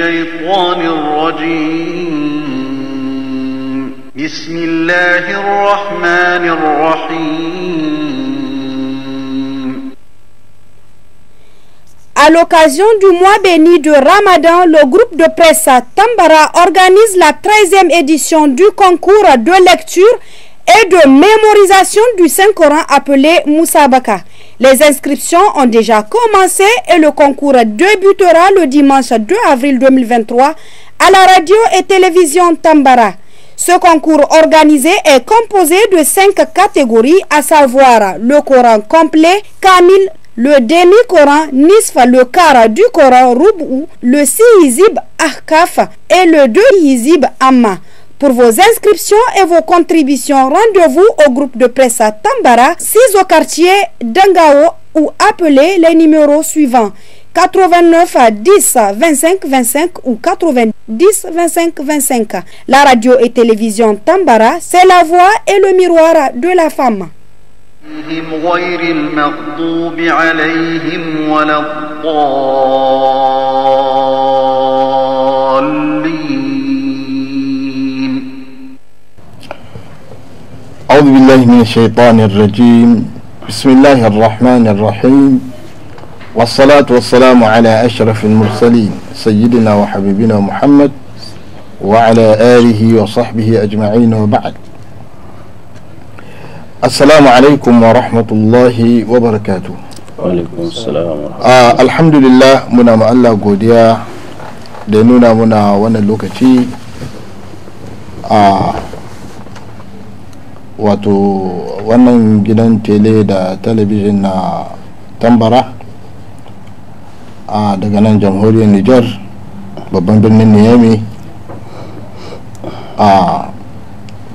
À l'occasion du mois béni de Ramadan, le groupe de presse Tambara organise la 13e édition du concours de lecture et de mémorisation du Saint-Coran appelé Moussabaka. Les inscriptions ont déjà commencé et le concours débutera le dimanche 2 avril 2023 à la radio et télévision Tambara. Ce concours organisé est composé de cinq catégories, à savoir le Coran complet, Kamil, le demi-Coran, Nisfa, le Kara du Coran, Roubou, le Sihizib Ahkaf et le de Yizib Amma. Pour vos inscriptions et vos contributions, rendez-vous au groupe de presse à Tambara, 6 au quartier d'Angao ou appelez les numéros suivants 89 à 10 25 25 ou 90 25 25. La radio et télévision Tambara, c'est la voix et le miroir de la femme. أعوذ بالله من الشيطان الرجيم بسم الله الرحمن الرحيم والصلاة والسلام على أشرف المرسلين سيدنا وحبيبنا محمد وعلى آله وصحبه أجمعين وبعد السلام عليكم ورحمة الله وبركاته وعليكم السلام ورحمة الله آه الحمد لله منا ما قوديا دينونا da nuna muna wato wannan gidan tele da talabijin na tambara a daga nan jamhuriyar niger babban birnin niyami a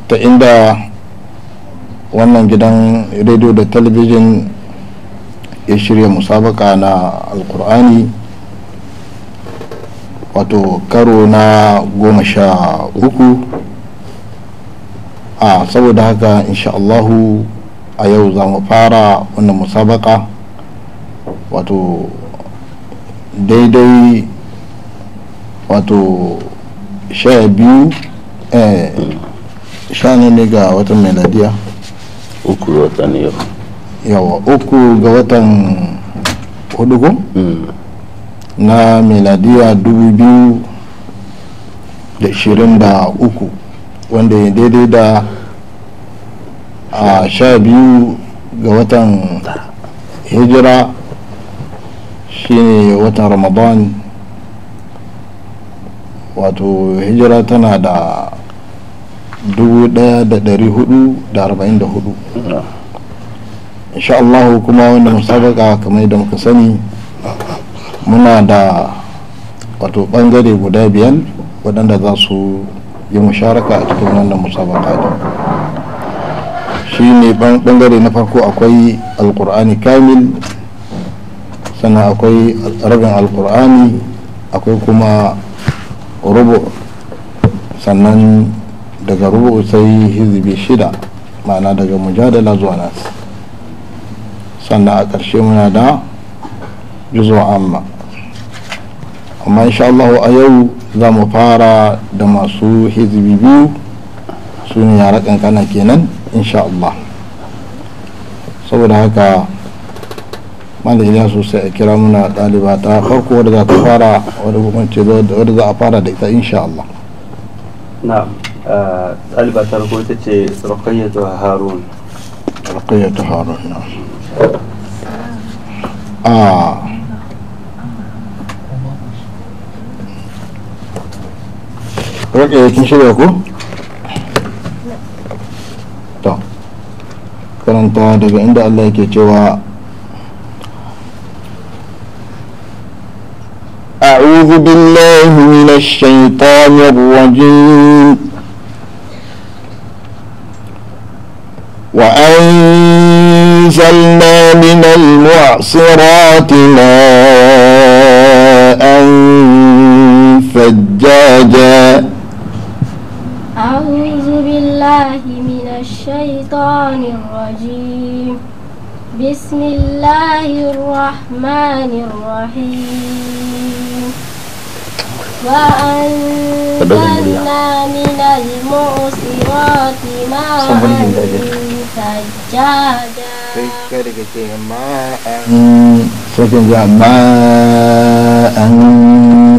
ta inda wannan gidan rediyo da talabijin ya shirya musabaka na alkur'ani wato karo na goma sha uku a saboda haka insha Allahu a yau za mu fara wannan musabaka wato daidai wato sha biyu eh, sha ne ga watan meladiya uku watan yau yawa uku ga watan hudugu mm. na meladiya dubu biyu da shirin da uku wanda ya daidai da a sha biyu ga watan hijira shine watan ramadan wato hijira tana da dubu da da hudu arba'in da insha Allah kuma wanda musabaka kamar yadda muka sani muna da wato bangare guda biyan waɗanda za su yi musharaka a cikin wannan musabaka din shi ne bangare na farko akwai alkur'ani kamil sannan akwai rabin alkur'ani akwai kuma rubu sannan daga rubu sai hizbi shida ma'ana daga mujadala zuwa nas sannan a ƙarshe muna da juzo amma amma insha Allah a yau za mu fara da masu hizbi biyu su ne yara kankana kenan insha Allah saboda haka mana iya sosai a kira muna ɗaliba ta farko wadda za ta fara wadda kuma ce wadda za a fara da ita insha Allah na eh, ɗaliba ta farko ita ce rukayyatu harun rukayyatu harun na raka yakin shirya ku karanta daga inda Allah yake cewa أعوذ بالله من الشيطان الرجيم وأنزلنا من المعصرات ماء الله الرحمن الرحيم وأنزلنا من المعصرات ماء ثجاجا mm-hmm. ماء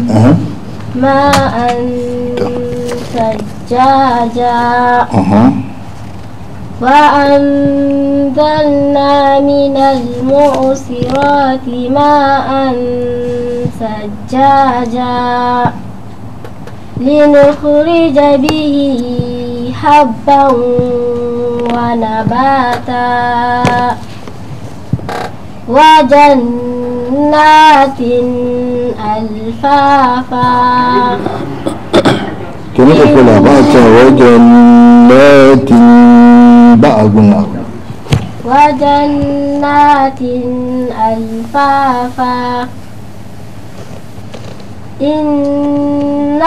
ماء ماء ثجاجا وأنزلنا من المعصرات ماء سجاجا لنخرج به حبا ونباتا وجنات ألفافا كما وجنات بعضنا وجنات ألفافا إن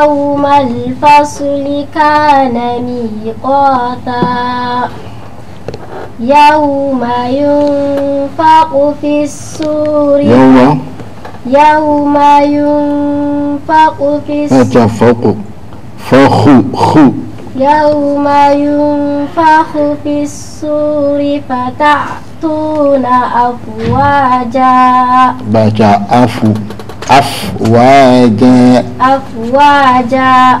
يوم الفصل كان ميقاتا يوم ينفق في السور يوم يوم ينفق في السور فخو خو يوم ينفخ في السور فتأتون أفواجا بجا أفو أفواجا أفواجا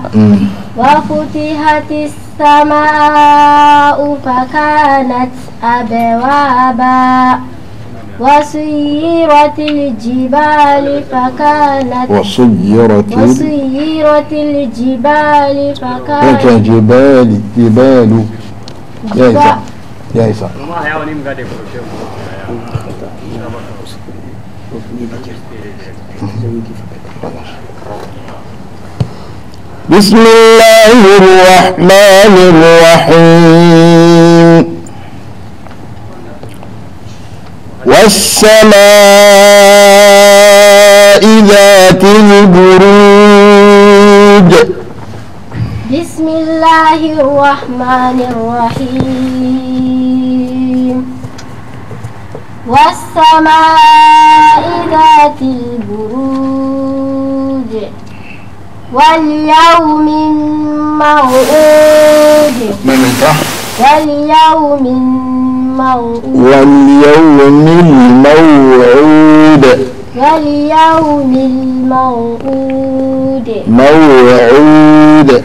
وفتحت السماء فكانت أبوابا وسيرت الجبال فكانت وسيرت وسيرت الجبال فكانت جبال الجبال يا إسحاق يا إسحاق بسم الله الرحمن الرحيم والسماء ذات البروج بسم الله الرحمن الرحيم والسماء ذات البروج واليوم الموعود واليوم واليوم الموعود واليوم الموعود موعود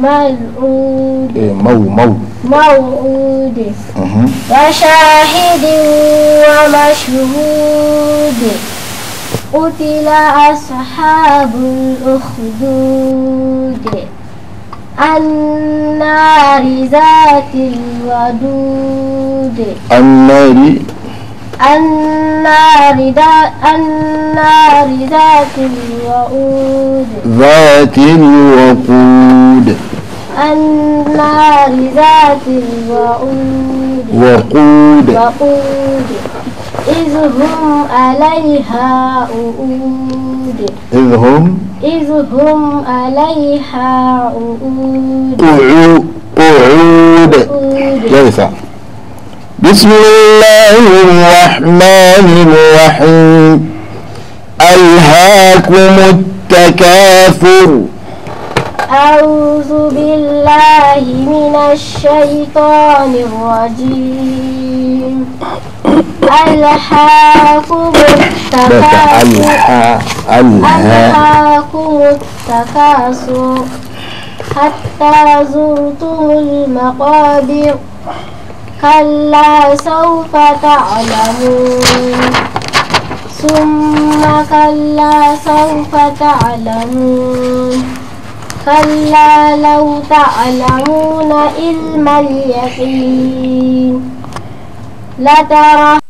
موعود إيه، مو مو موعود وشاهد ومشهود قتل أصحاب الأخدود النار ذات الودود النار النار ذات النار ذات الوقود ذات الوقود النار ذات الوقود وقود وقود إذ هم عليها وقود إذ هم إذ هم عليها قعود جلسة بسم الله الرحمن الرحيم ألهاكم التكاثر أعوذ بالله من الشيطان الرجيم ألحاكم التكاثر ألحاكم التكاثر حتى زرتم المقابر كلا سوف تعلمون ثم كلا سوف تعلمون كلا لو تعلمون علم اليقين لترهن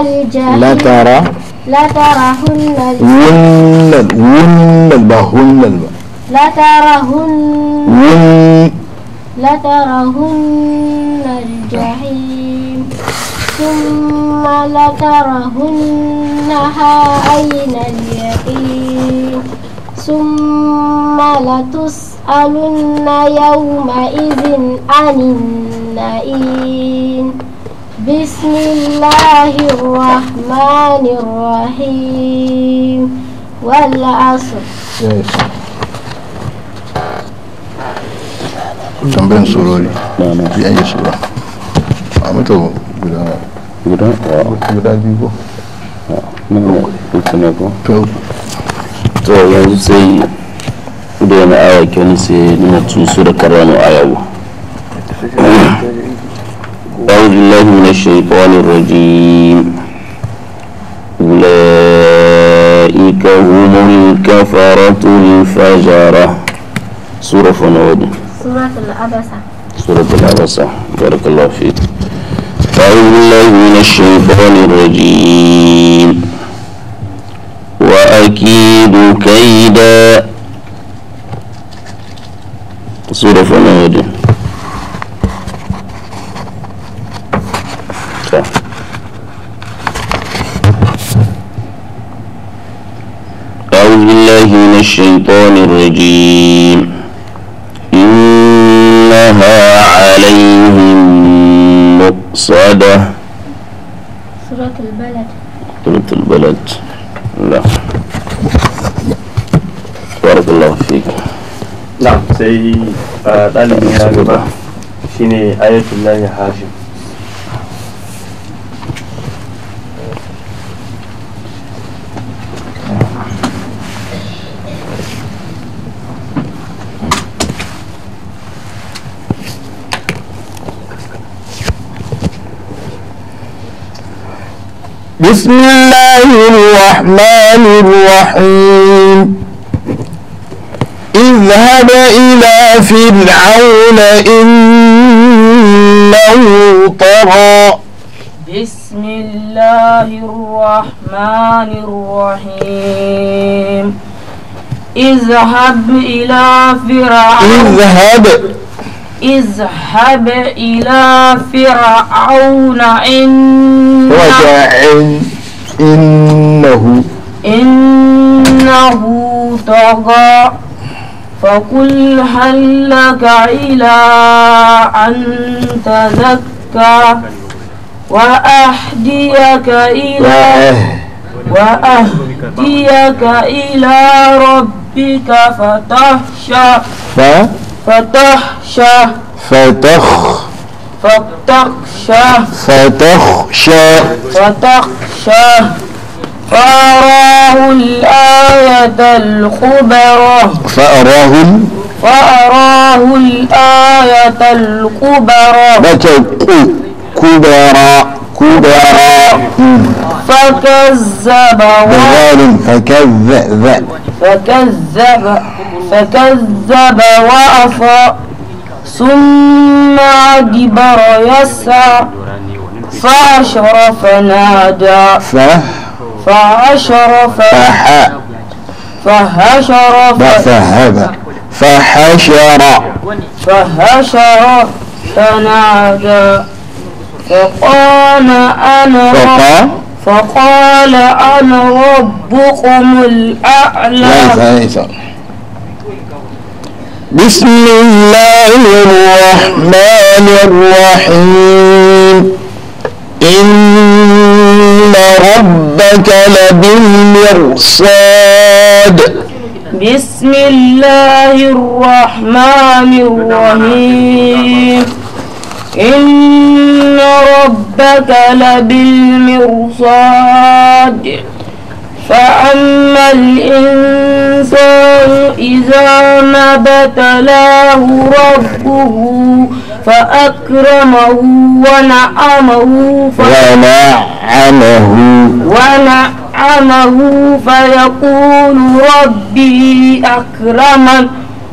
الجحيم لترى لترهن الجحيم لترهن لترهن الجحيم ثم لترهنها عين اليقين ثم لتسألن يومئذ عن النعيم بسم الله الرحمن الرحيم والعصر tambayan surori bi an sura a guda guda guda biyu ko ko to yanzu sai da yana awa kyani sai nuna tusu da karanu a yau أعوذ بالله من الشيطان الرجيم أولئك هم الكفرة الفجرة سورة فنود سورة العبسة سورة العبسة بارك الله فيك أعوذ بالله من الشيطان الرجيم وأكيد كيدا سورة فنادي أعوذ بالله من الشيطان الرجيم إنها عليهم مؤصده sai a ɗalibin ya gaba shi ne shine ayatullahi hashim بسم الله الرحمن الرحيم اذهب إلى فرعون إنه طغى بسم الله الرحمن الرحيم اذهب إلى فرعون اذهب اذهب إلى فرعون إنه إنه إنه طغى فقل هل لك إلى أن تزكى وأهديك إلى وأهديك إلى ربك فتخشى فتخشى فتخ فتخشى فتخشى فتخشى فأراه الآية الكبرى فأراه فأراه الآية الكبرى كبرى كبرى فكذب وعصى فكذب فكذب فكذب وعصى ثم أدبر يسعى فأشرف نادى فأشرف فحشر فح فحشر فحشر فحشر فنادى فقال أنا فقال فقال أنا ربكم الأعلى بسم الله الرحمن الرحيم إن إن ربك لبالمرصاد بسم الله الرحمن الرحيم إن ربك لبالمرصاد فأما الإنسان إذا ما ابتلاه ربه فأكرمه ونعمه ونعمه ونعمه فيقول ربي أكرمن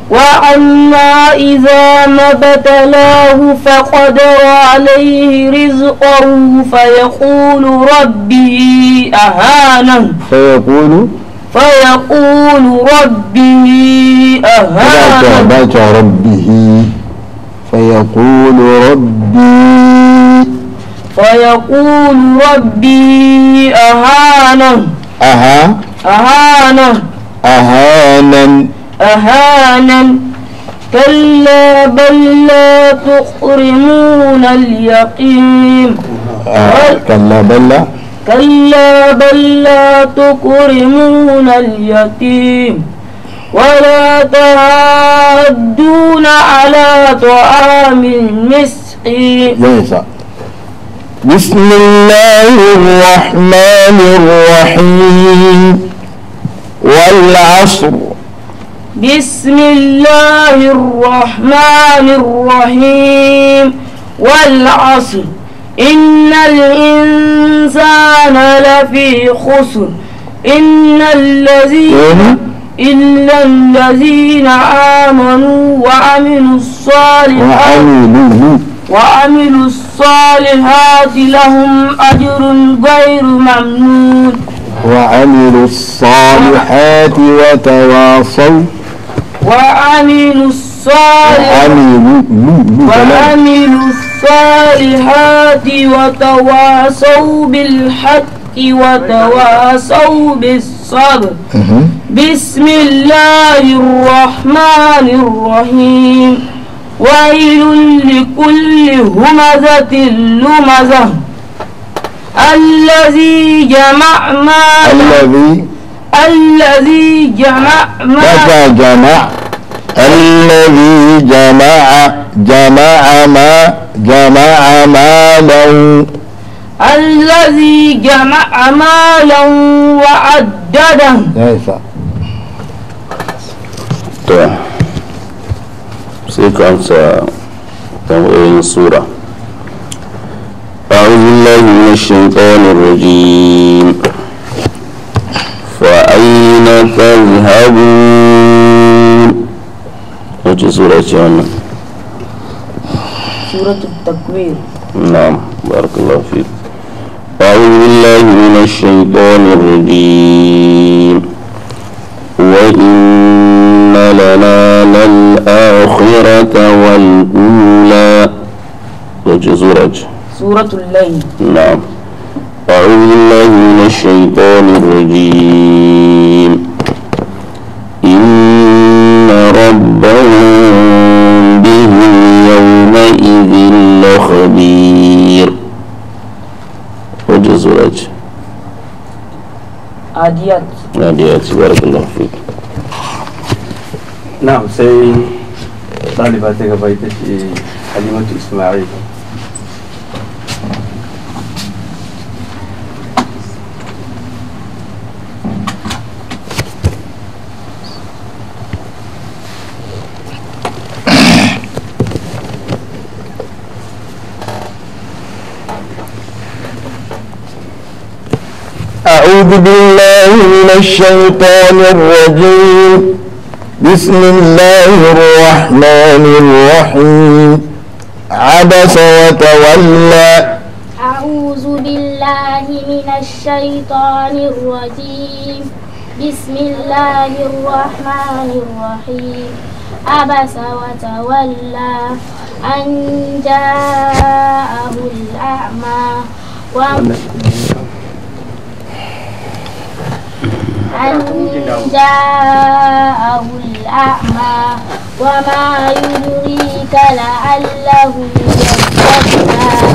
وأما إذا ما ابتلاه فقدر عليه رزقه فيقول ربي أهانن فيقول فيقول ربي أهانن ربه فيقول ربي فيقول ربي أهانن أها أهانه أهانا أهانا كلا بل لا تكرمون اليقين آه. كلا بل لا كلا بل لا تكرمون اليتيم ولا تردون على طعام المسكين بسم الله الرحمن الرحيم والعصر بسم الله الرحمن الرحيم والعصر إن الإنسان لفي خسر إن الذين إيه؟ إلا الذين آمنوا وعملوا الصالحات وعملوا الصالحات لهم أجر غير ممنون وعملوا الصالحات وتواصوا وعملوا الصالحات وعملوا الصالحات وتواصوا بالحق وتواصوا بالصبر بسم الله الرحمن الرحيم ويل لكل همزة لمزة الذي جمع مالا الذي الذي جمع مالا جمع الذي جمع جمع ما جمع مالا الذي جمع مالا وعدده tambaya أعوذ بالله من الشيطان الرجيم فأين تذهبون وش سورة التكوير نعم بارك الله فيك أعوذ بالله من الشيطان الرجيم وإن لنا الآخرة والأولى سورة الليل نعم أعوذ بالله من الشيطان الرجيم إن ربهم به يومئذ لخبير وجزرج عاديات عاديات بارك الله فيك نعم سي طالبة تقبيتك حليمة إسماعيل أعوذ بالله من الشيطان الرجيم بسم الله الرحمن الرحيم عبس وتولى أعوذ بالله من الشيطان الرجيم بسم الله الرحمن الرحيم عبس وتولى أن جاءه الأعمى أن جاءه الأعمى وما يدريك لعله يزكى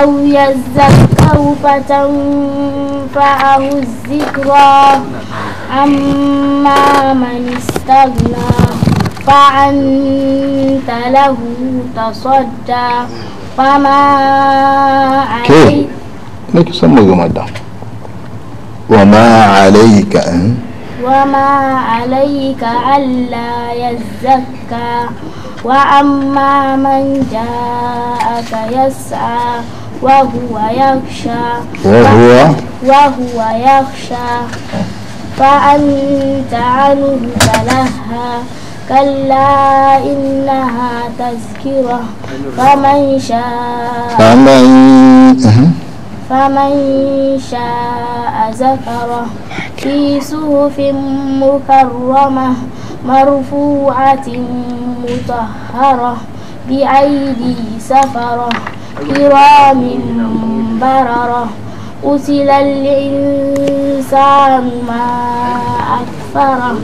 أو يذكر فتنفعه الذكرى أما من استغنى فأنت له تصدى فما عليك وما عليك أن وما عليك ألا يزكى وأما من جاءك يسعى وهو يخشى وهو وهو يخشى فأنت عنه تلهى كلا إنها تذكرة فمن شاء فمن فمن شاء ذكره في صوف مكرمة مرفوعة مطهرة بأيدي سفرة كرام بررة أسل الإنسان ما أكفر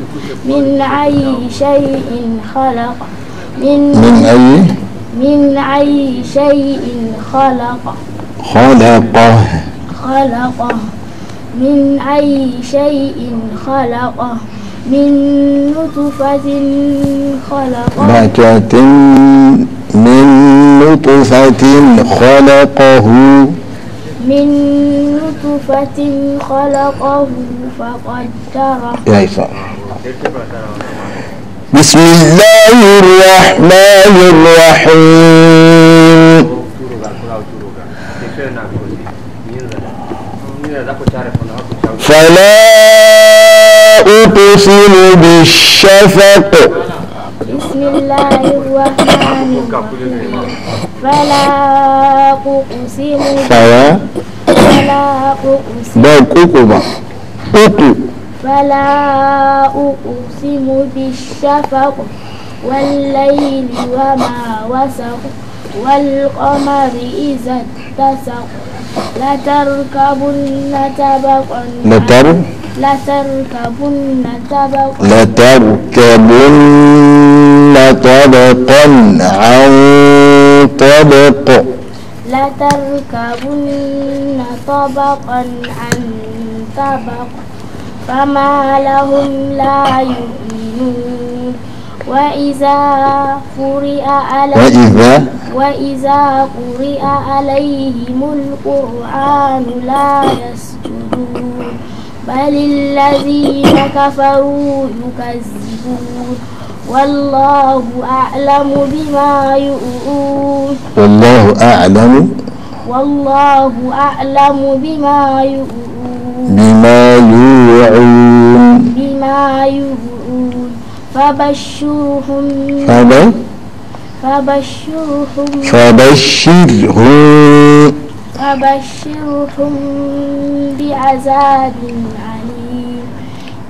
من أي شيء خلق من, من أي من أي شيء خلق خلق خلقه من أي شيء خلقه من نطفة خلقه بكة من نطفة خلقه من نطفة خلقه فقدره يا بسم الله الرحمن الرحيم فلا أقسم بالشفق بسم الله الرحمن الرحيم فلا أقسم فلا فلا أقسم بقوكما أقو فلا أقسم بالشفق والليل وما وسق والقمر إذا اتسق لتركبن طبقا لتر لتركبن طبقا لتركبن طبقا عن طبق لتركبن طبقا عن طبق فما لهم لا يؤمنون وإذا قرئ عليه وإذا وإذا قرئ عليهم القرآن لا يسجدون بل الذين كفروا يكذبون والله أعلم بما يؤون والله أعلم والله أعلم بما يؤون بما يوعون بما يوعون فبشرهم فب... فبشرهم فبشرهم فبشرهم بعذاب عليم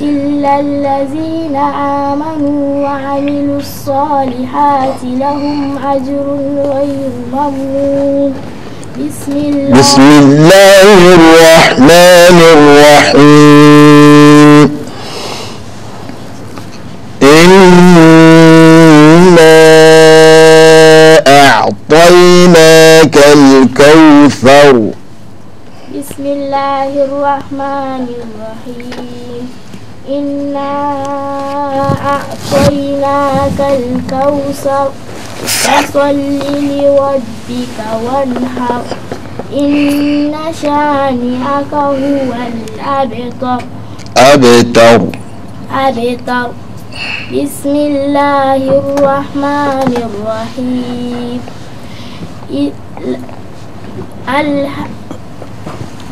إلا الذين آمنوا وعملوا الصالحات لهم أجر غير ممنون بسم الله, بسم الله الرحمن الرحيم الرحمن الرحيم إنا أعطيناك الكوثر فصل لربك وانحر إن شانئك هو الأبتر أبتر أبتر بسم الله الرحمن الرحيم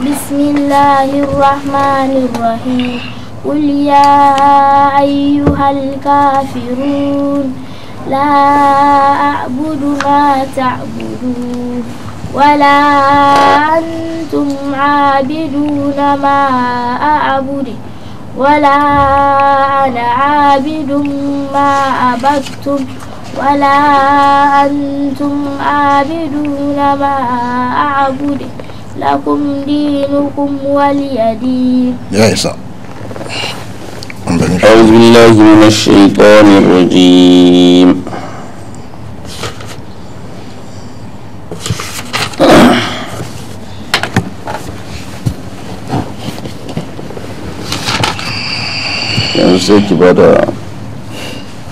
بسم الله الرحمن الرحيم قل يا أيها الكافرون لا أعبد ما تعبدون ولا أنتم عابدون ما أعبد ولا أنا عابد ما عبدتم ولا أنتم عابدون ما أعبد lakum dinukum waliya din ya أعوذ بالله من الشيطان الرجيم yanzu sai ki bada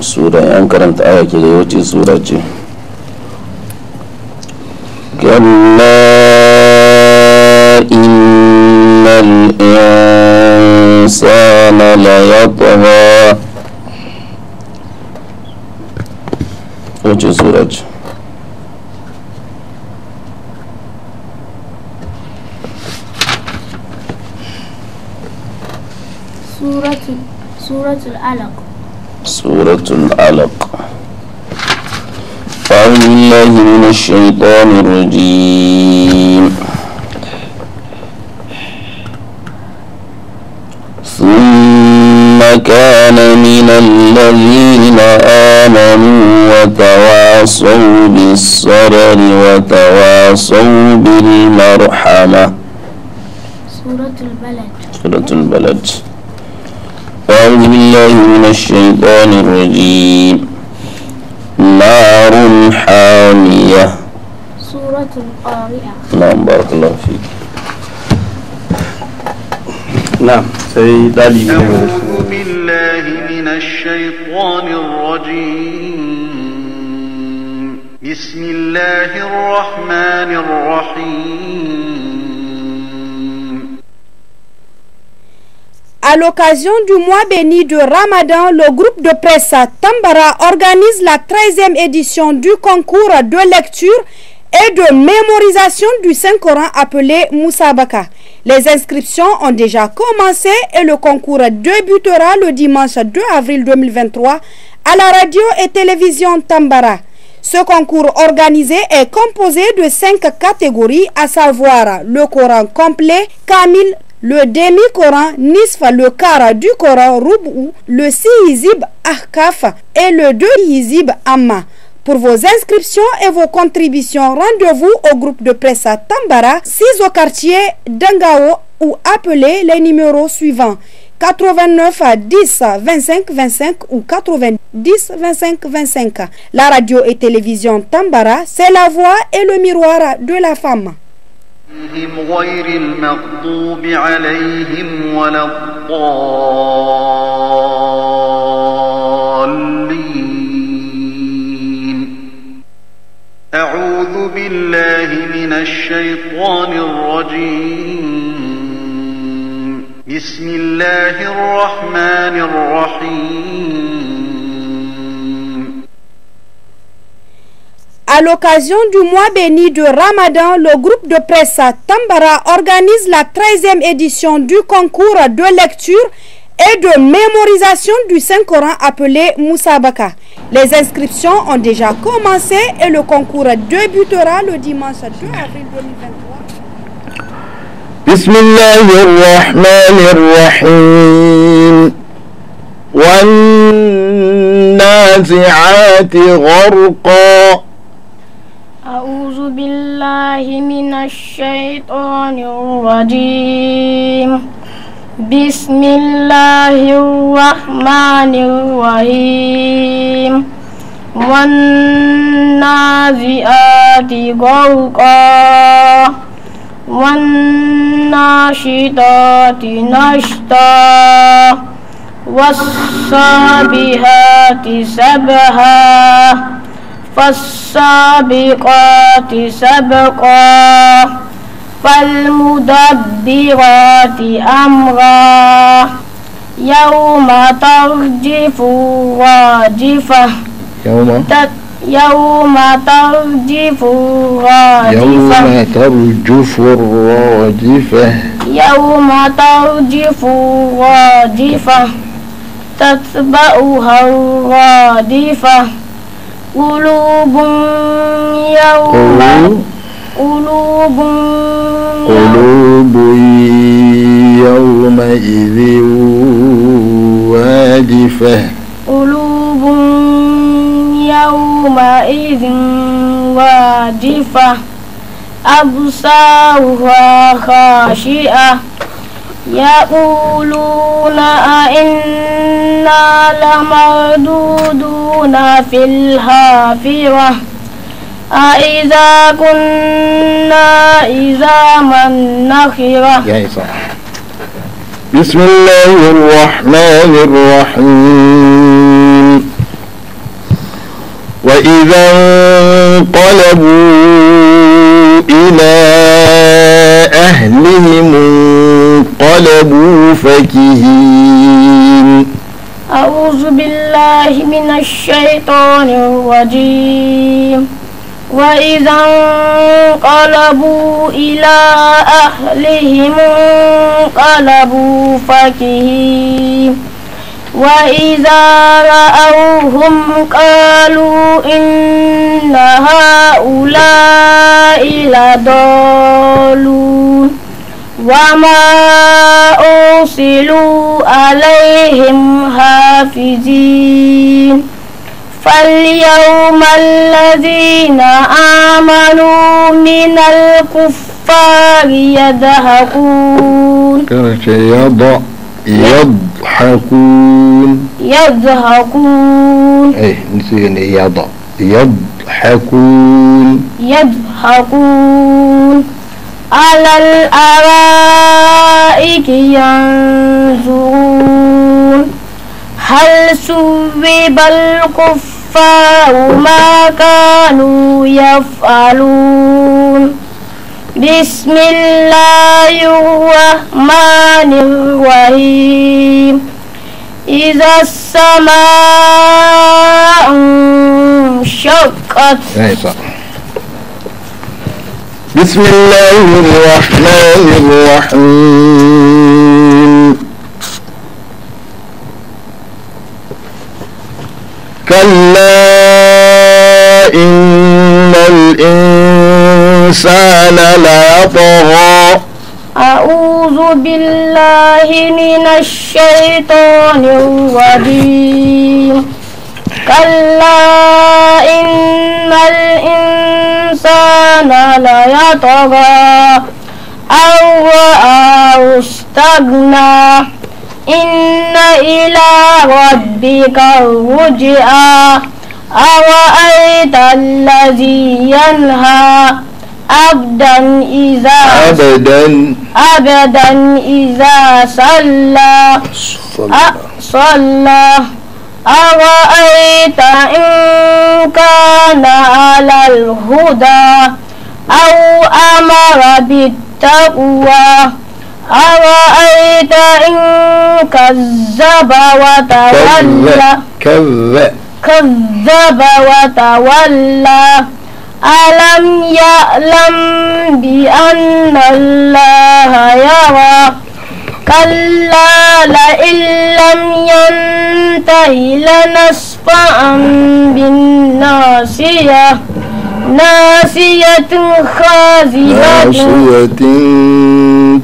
sura yan karanta aya ke da yawancin sura ce wuce suraj suratul alaq suratul alaq أعوذ بالله من من الذين آمنوا وتواصوا بالصبر وتواصوا بالمرحمة سورة البلد سورة البلد أعوذ بالله من الشيطان الرجيم نار حامية سورة القارعة نعم بارك الله فيك نعم سيد علي A À l'occasion du mois béni de Ramadan, le groupe de presse Tambara organise la 13e édition du concours de lecture et de mémorisation du Saint-Coran appelé Moussabaka. Les inscriptions ont déjà commencé et le concours débutera le dimanche 2 avril 2023 à la radio et télévision Tambara. Ce concours organisé est composé de cinq catégories, à savoir le Coran complet, Kamil, le demi-Coran, Nisf, le Kara du Coran, Roubou, le Siyizib Ahkaf et le Deux Yizib Amma. Pour vos inscriptions et vos contributions, rendez-vous au groupe de presse à Tambara, 6 au quartier d'Angao ou appelez les numéros suivants 89 10 25 25 ou 90 25 25. La radio et télévision Tambara, c'est la voix et le miroir de la femme. A À l'occasion du mois béni de Ramadan, le groupe de presse Tambara organise la 13e édition du concours de lecture et de mémorisation du Saint-Coran appelé Moussabaka. Les inscriptions ont déjà commencé et le concours débutera le dimanche 2 avril 2023. أعوذ بالله من الشيطان بسم الله الرحمن الرحيم والنازئات غرقا والناشطات نشطا والصابهات سبها فالسابقات سبقا فالمدبرات أمرا يوم ترجف الراجفة يوم يوم ترجف الراجفة يوم ترجف الراجفة يوم ترجف الراجفة تتبعها الرادفة قلوب يوم قلوب قلوب يومئذ واجفة قلوب يومئذ واجفة أبصارها خاشئة يقولون أئنا لمردودون في الحافرة أإذا كنا إذا من نخرة بسم الله الرحمن الرحيم وإذا انقلبوا إلى أهلهم انقلبوا فكهين أعوذ بالله من الشيطان الرجيم وإذا انقلبوا إلى أهلهم انقلبوا فكهين وإذا رأوهم قالوا إن هؤلاء لضالون وما أرسلوا عليهم حافظين فاليوم الذين آمنوا من الكفار يضحكون يض يضحكون يضحكون ايه نسينا يض يضحكون يضحكون على الأرائك ينظرون هل سبب الكفر يتوفاه ما كانوا يفعلون بسم الله الرحمن الرحيم إذا السماء شقت إيه، بسم الله الرحمن الرحيم كلا إن الإنسان ليطغى أعوذ بالله من الشيطان الرجيم كلا إن الإنسان ليطغى أو رآه استغنى إن إلى ربك الرجعى أرأيت الذي ينهى أبدا إذا أبدا أبدا إذا صلى صلى أرأيت إن كان على الهدى أو أمر بالتقوى أرأيت إن كذب وتولى كذب كذب وتولى ألم يعلم بأن الله يرى كلا لئن لم ينته لنصفعا بالناصية ناصية خازنة ناصية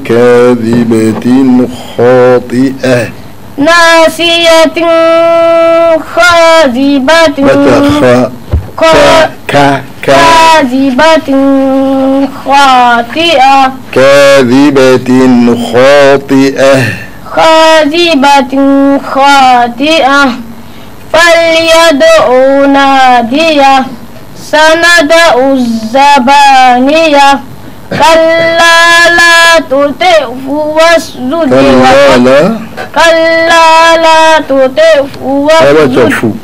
كاذبة خاطئة ناسية خاذبة كاذبة خاطئة كاذبة خاطئة كاذبة خاطئة فليدع نادية سندع الزبانية كلا لا تطعه واسجد كلا لا كلا لا تطعه واسجد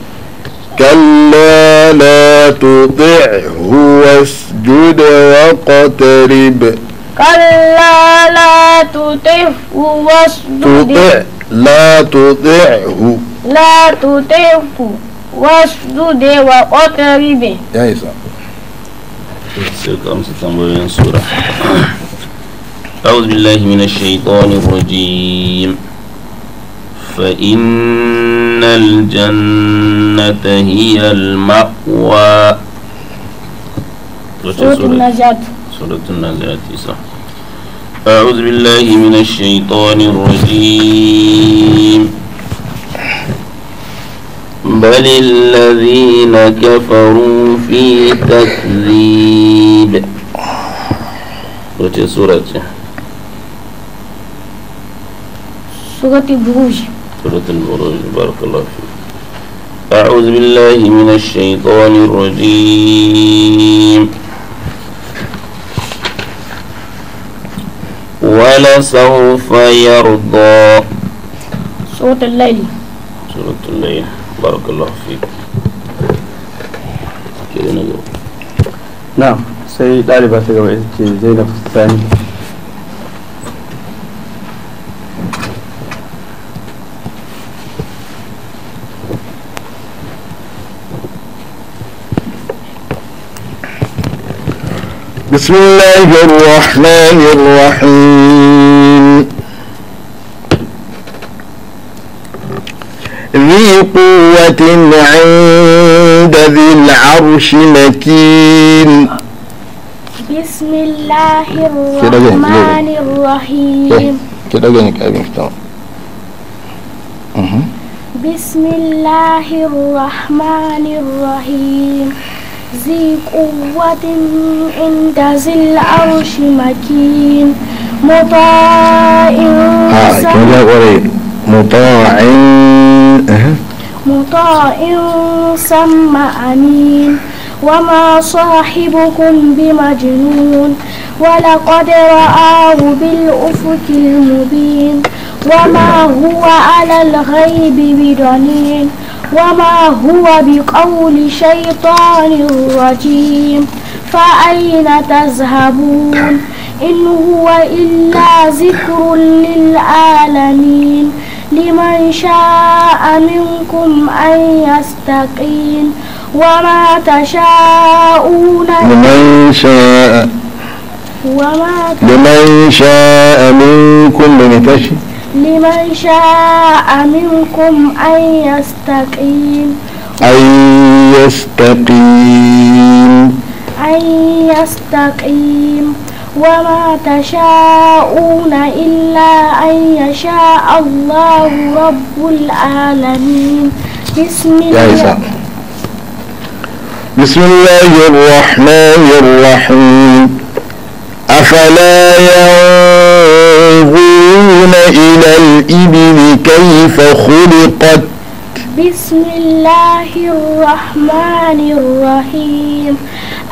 كلا لا تطعه واسجد واقترب كلا لا تطعه واسجد تطع لا تطعه لا تطعه واسجد واقترب يا إسحاق أعوذ بالله من الشيطان الرجيم فإن الجنة هي المأوى سورة النجاة سورة النجاة صح أعوذ بالله من الشيطان الرجيم بل الذين كفروا في تكذيب وتي سورة سورة البروج سورة البروج بارك الله فيك أعوذ بالله من الشيطان الرجيم ولسوف يرضى سورة الليل سورة الليل بارك الله فيك كده نجو نعم سيد علي ta قوي ita ce zainab بسم الله الرحمن الرحيم ذي قوة عند ذي العرش مكين بسم الله الرحمن الرحيم كده جنك بسم الله الرحمن الرحيم ذي قوة عند ذي العرش مكين مطاع آه مطاع مطاع ثم أمين وما صاحبكم بمجنون ولقد رآه بالأفك المبين وما هو على الغيب بدليل وما هو بقول شيطان رجيم فأين تذهبون إن هو إلا ذكر للعالمين لمن شاء منكم أن يستقيم وما تشاءون لمن شاء وما لمن شاء منكم تشي لمن شاء منكم أن يستقيم أن يستقيم أن يستقيم وما تشاءون إلا أن يشاء الله رب العالمين بسم الله بسم الله الرحمن الرحيم أفلا ينظرون إلى الإبل كيف خلقت بسم الله الرحمن الرحيم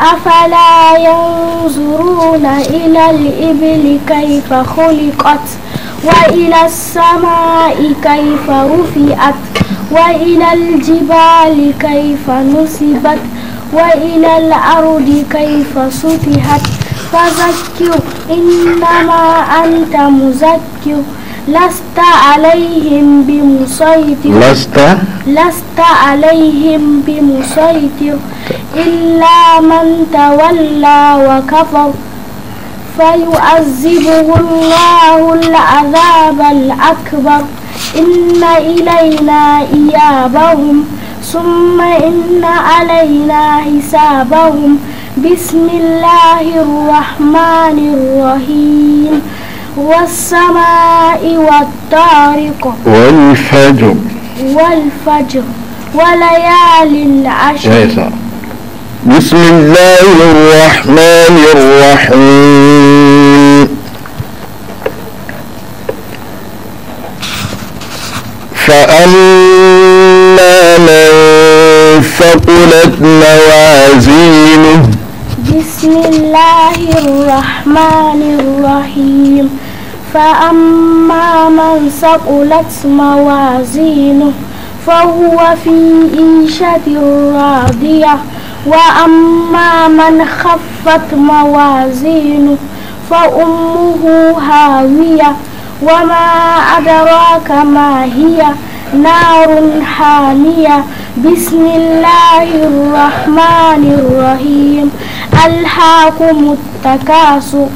أفلا ينظرون إلى الإبل كيف خلقت وإلى السماء كيف رفعت وإلى الجبال كيف نصبت وإلى الأرض كيف سطحت فذكر إنما أنت مذكر لست عليهم بمسيطر لست لست عليهم بمسيطر إلا من تولى وكفر فيعذبه الله العذاب الأكبر إن إلينا إيابهم ثم إن علينا حسابهم بسم الله الرحمن الرحيم والسماء والطارق والفجر والفجر وليالي العشر يسا. بسم الله الرحمن الرحيم فأما من ثقلت موازينه بسم الله الرحمن الرحيم فأما من ثقلت موازينه فهو في عيشة راضية وأما من خفت موازينه فأمه هاوية وما أدراك ما هي نار حامية بسم الله الرحمن الرحيم ألهاكم التكاثر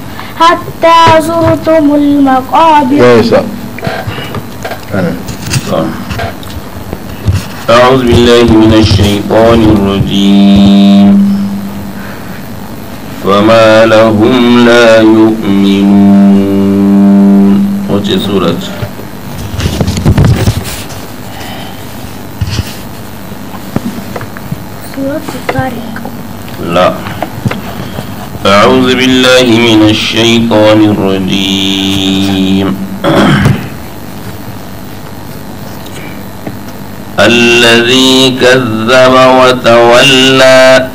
حتى زرتم المقابر يا إيه، أنا أعوذ بالله من الشيطان الرجيم فما لهم لا يؤمنون وجه سورة سورة الطارق لا أعوذ بالله من الشيطان الرجيم الذي كذب وتولى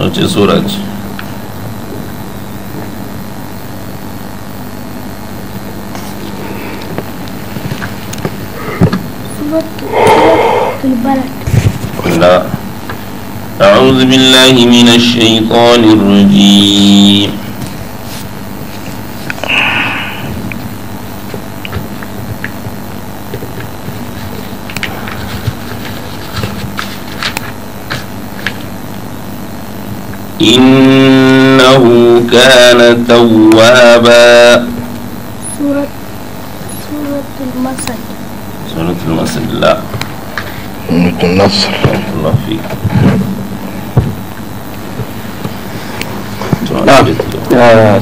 وجه سورج سورة البلد لا أعوذ بالله من الشيطان الرجيم إنه كان توابا سورة سورة المسجد سورة المسجد لا سورة النصر الله فيك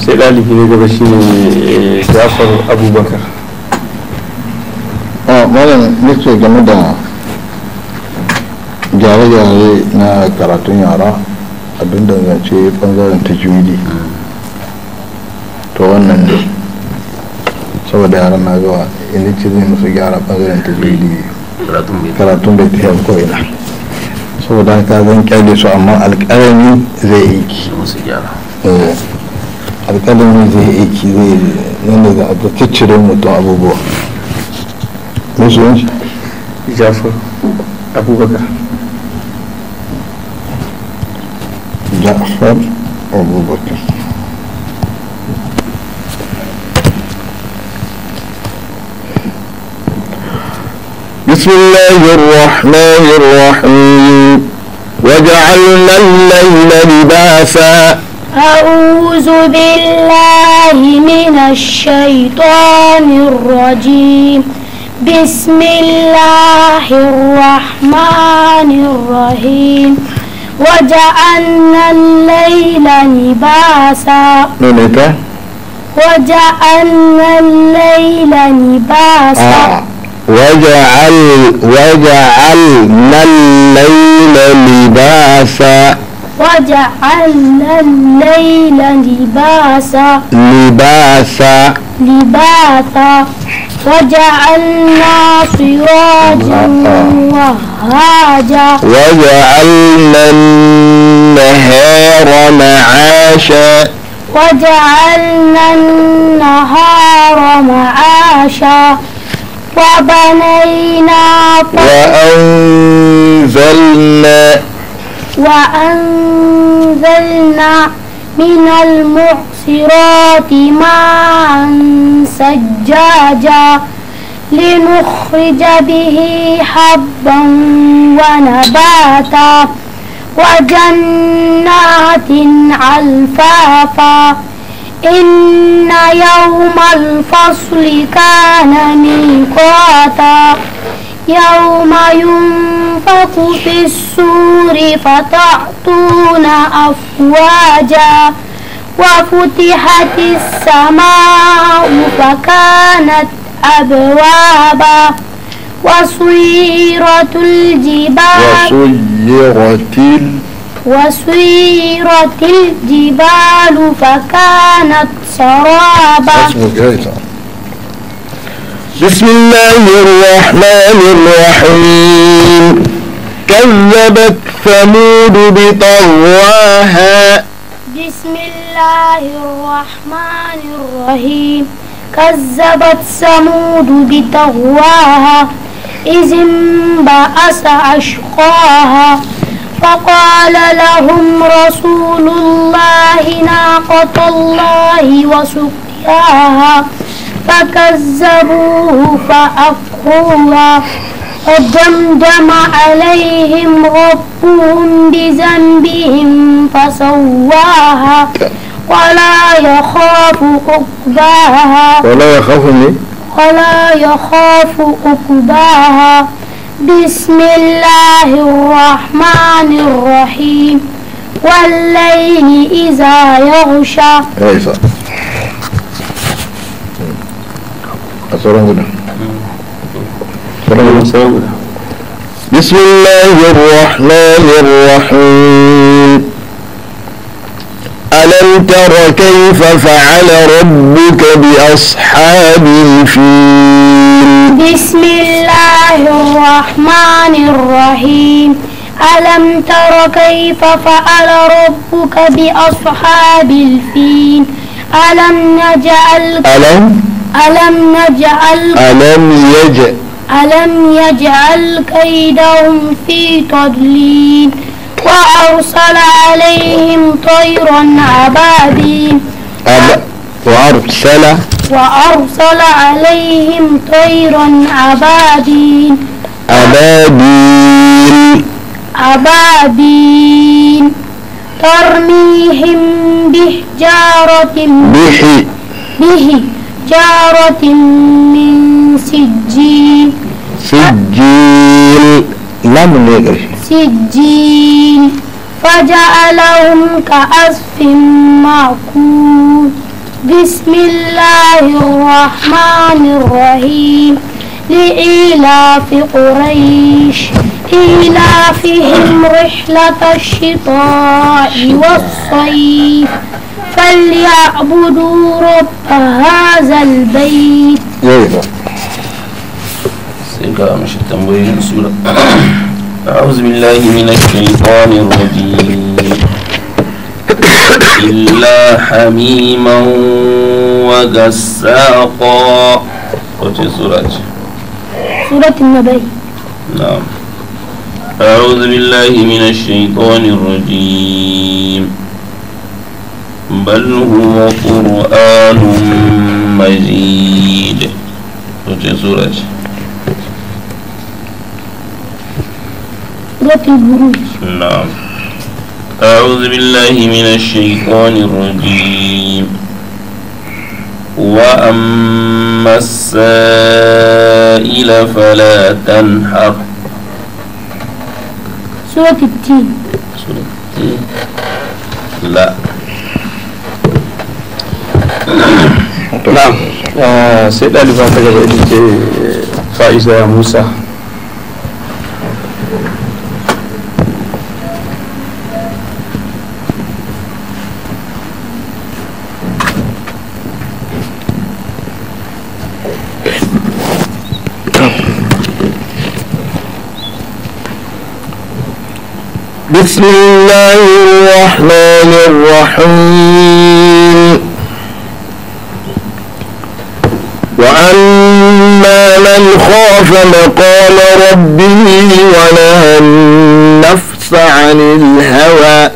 sai ɗalibi ne gaba shi ne eh, jafar abubakar malam nake game da gyare-gyare na karatun yara abin da zance ta tajwidi to wannan ne saboda yara na zuwa inda ce zai musu gyara ta tajwidi karatun bai tafiya ko ina saboda haka zan kyale su amma alƙarami zai yi ki أركان منذ إكيل من إذا أبو كتشر المدو أبو بو مزو جعفر أبو بكر جعفر أبو بكر بسم الله الرحمن الرحيم وجعلنا الليل لباسا أعوذ بالله من الشيطان الرجيم بسم الله الرحمن الرحيم وجعلنا الليل لباسا وجعلنا الليل لباسا آه. وجعل وجعلنا الليل لباسا وجعلنا الليل لباسا لباسا لباسا وجعلنا سراجا وهاجا وجعلنا النهار معاشا وجعلنا النهار معاشا وبنينا وأنزلنا وأنزلنا من المعصرات ماء سجاجا لنخرج به حبا ونباتا وجنات الفافا إن يوم الفصل كان ميقاتا يوم ينفع ينفخ في السور فتعطون أفواجا وفتحت السماء فكانت أبوابا وسيرت الجبال وسيرت وسيرت الجبال فكانت سرابا بسم الله الرحمن الرحيم كذبت ثمود بطواها بسم الله الرحمن الرحيم كذبت ثمود بطواها إذ انبأس أشقاها فقال لهم رسول الله ناقة الله وسقياها فكذبوه فأفقوها ودمدم عليهم ربهم بذنبهم فسواها ولا يخاف عقباها ولا يخاف إيه؟ ولا يخاف عقباها بسم الله الرحمن الرحيم والليل إذا يغشى أيوة أصلا بسم الله الرحمن الرحيم ألم تر كيف فعل ربك بأصحاب الفيل بسم الله الرحمن الرحيم ألم تر كيف فعل ربك بأصحاب الفيل ألم نجعل ألم ألم نجعل ألم يجعل ألم يجعل كيدهم في تضليل وأرسل عليهم طيرا عبابين وأرسل وأرسل عليهم طيرا أبابيل أبابيل أبابيل ترميهم بحجارة به به حجارة من سجيل سجيل لا من سجيل فجعلهم كأصف معقول بسم الله الرحمن الرحيم لإيلاف قريش إيلافهم رحلة الشتاء والصيف فليعبدوا رب هذا البيت أيوة سيقا مش التنبيه سورة أعوذ بالله من الشيطان الرجيم إلا حميما وغساقا وتي سورة سورة النبي نعم أعوذ بالله من الشيطان الرجيم بل هو قرآن مجيد سورة نعم أعوذ بالله من الشيطان الرجيم وأما السائل فلا تنحر سورة التين سورة التين لا na'am musa بسم الله الرحمن الرحيم ربه ونهى النفس عن الهوى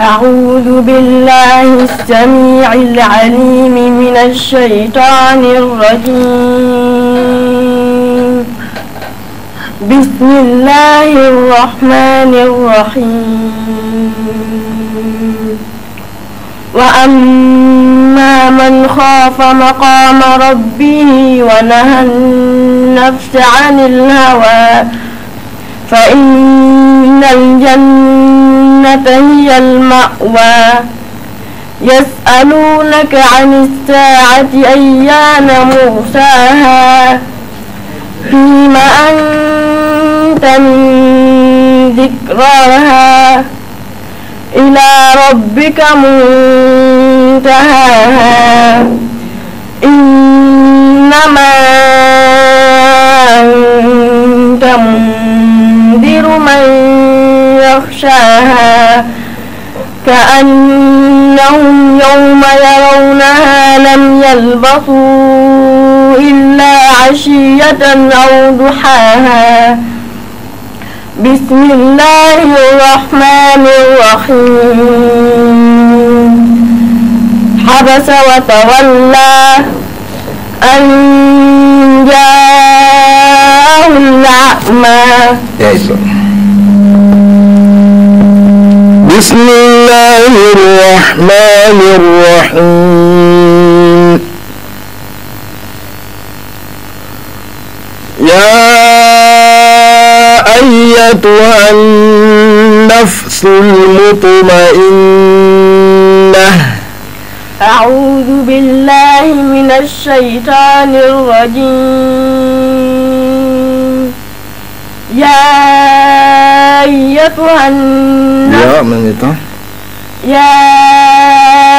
أعوذ بالله السميع العليم من الشيطان الرجيم بسم الله الرحمن الرحيم وأما من خاف مقام ربه ونهى النفس عن الهوى فإن الجنة هي المأوى يسألونك عن الساعة أيان مرساها فيما أنت من ذكراها إلى ربك منتهاها إنما تنذر من يخشاها كأنهم يوم يرونها لم يلبثوا إلا عشية أو ضحاها بسم الله الرحمن الرحيم حبس وتولى أن جاء بسم الله الرحمن الرحيم يا أيتها النفس المطمئنة أعوذ بالله من الشيطان الرجيم يا أيتها النفس يا من يطع يا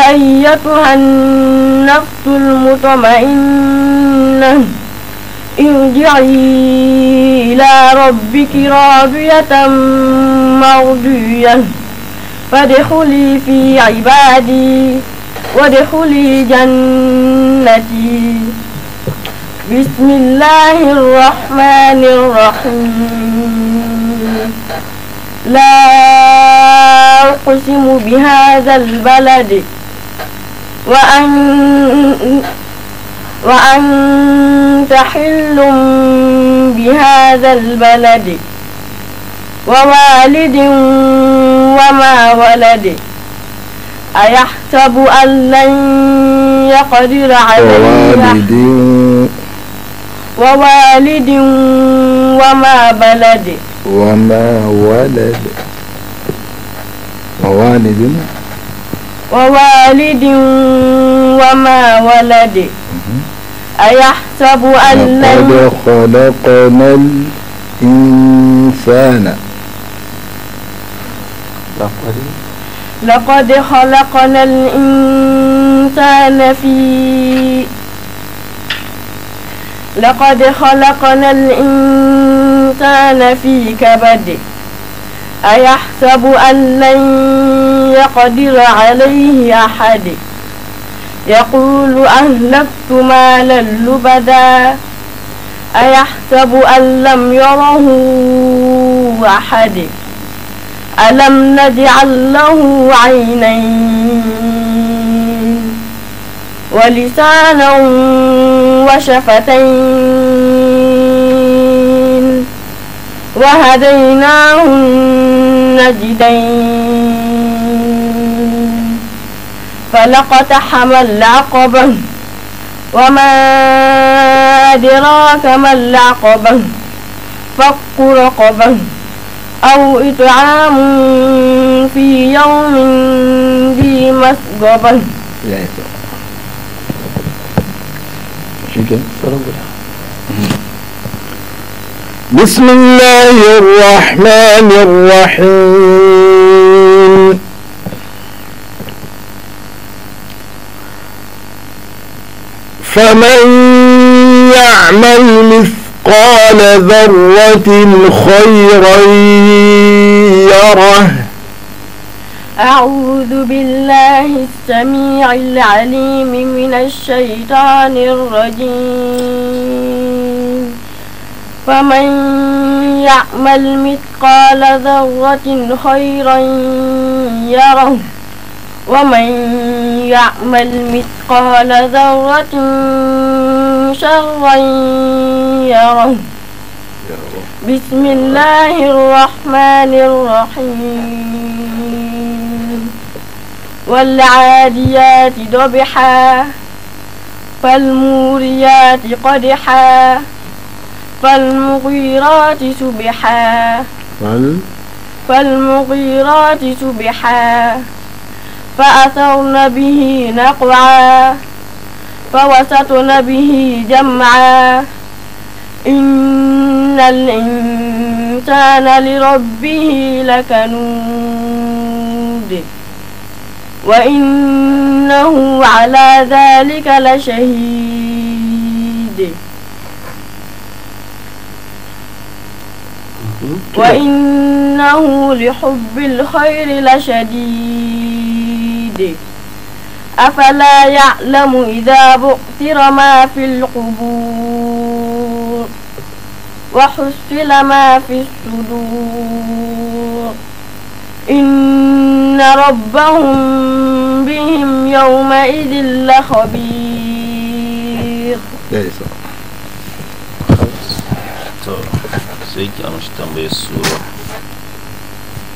أيتها النفس المطمئنة ارجعي إلى ربك راضية مرضية فادخلي في عبادي وادخلي جنتي بسم الله الرحمن الرحيم لا أقسم بهذا البلد وأن وأنت حل بهذا البلد ووالد وما ولد أيحسب أن لن يقدر عليه ووالد وما بلد وما ولد ووالد ووالد وما ولد أيحسب أن لقد خلقنا الإنسان لقد لقد خلقنا الإنسان في لقد خلقنا الإنسان في كبد أيحسب أن لن يقدر عليه أحد يقول أهلكت مالا لبدا أيحسب أن لم يره أحد ألم نجعل له عينين ولسانا وشفتين وهديناه النجدين حمل العقبة وما أدراك ما العقبة فك رقبة أو إطعام في يوم ذي مسغبة بسم الله الرحمن الرحيم فمن يعمل مثقال ذرة خيرا يره أعوذ بالله السميع العليم من الشيطان الرجيم فمن يعمل مثقال ذرة خيرا يره ومن يعمل مثقال ذرة شرا يره بسم الله الرحمن الرحيم والعاديات ضبحا فالموريات قدحا فالمغيرات سبحا فال فالمغيرات سبحا فأثرن به نقعا فوسطن به جمعا إن الإنسان لربه لكنون وإنه على ذلك لشهيد وإنه لحب الخير لشديد أفلا يعلم إذا بؤثر ما في القبور وحسل ما في الصدور إن إن ربهم بهم يومئذ لخبير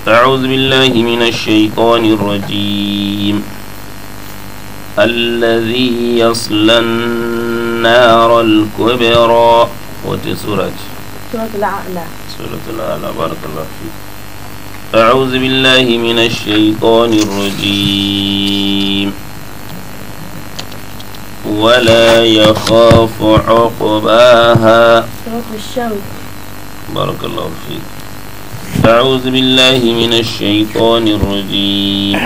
أعوذ بالله من الشيطان الرجيم الذي يصلى النار الكبرى وتي سورة الأعلى سورة الأعلى بارك الله فيك أعوذ بالله من الشيطان الرجيم ولا يخاف عقباها بارك الله فيك أعوذ بالله من الشيطان الرجيم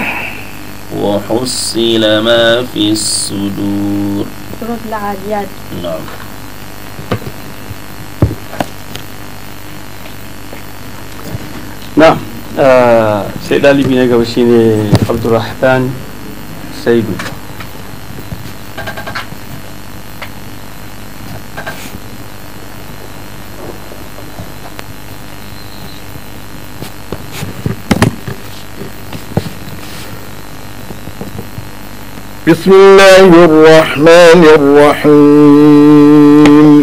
وحصل ما في الصدور سورة العاديات نعم نعم آه، سيد علي بن gaba عبد الرحمن saidu بسم الله الرحمن الرحيم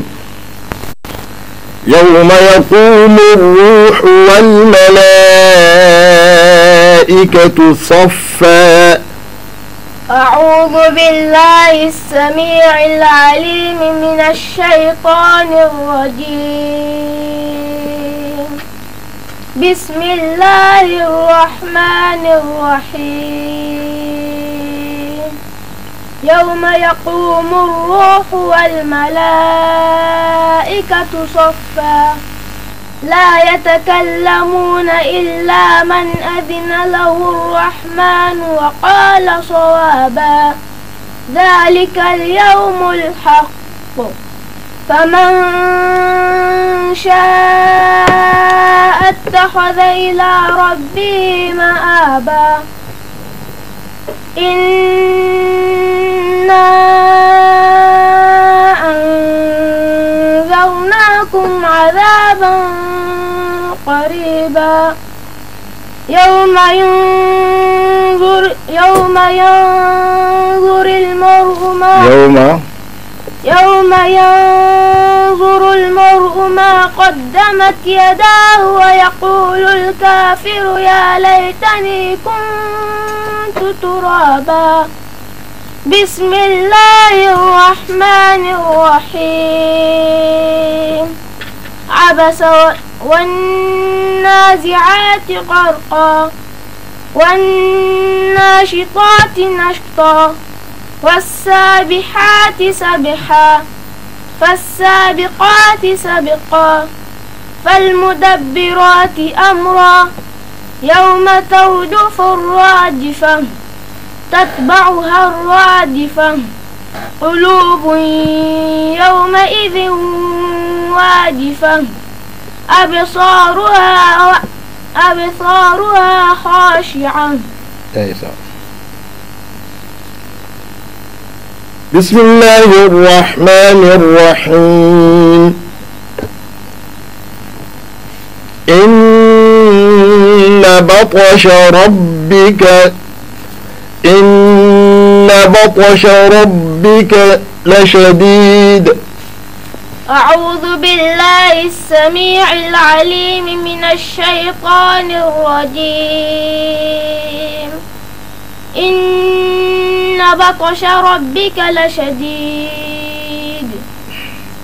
يوم يقوم الروح والملائكة الملائكة صفا أعوذ بالله السميع العليم من الشيطان الرجيم بسم الله الرحمن الرحيم يوم يقوم الروح والملائكة صفاً لا يتكلمون إلا من أذن له الرحمن وقال صوابا ذلك اليوم الحق فمن شاء اتخذ إلى ربه مآبا إِنَّا وأذقناكم عذابا قريبا يوم ينظر يوم ينظر المرء ما يوم يوم ينظر المرء ما قدمت يداه ويقول الكافر يا ليتني كنت ترابا بسم الله الرحمن الرحيم عبس والنازعات غرقا والناشطات نشطا والسابحات سبحا فالسابقات سبقا فالمدبرات أمرا يوم تودف الراجفة تتبعها الرادفة قلوب يومئذ واجفة أبصارها و... أبصارها خاشعة طيب. بسم الله الرحمن الرحيم إن بطش ربك إن بطش ربك لشديد أعوذ بالله السميع العليم من الشيطان الرجيم إن بطش ربك لشديد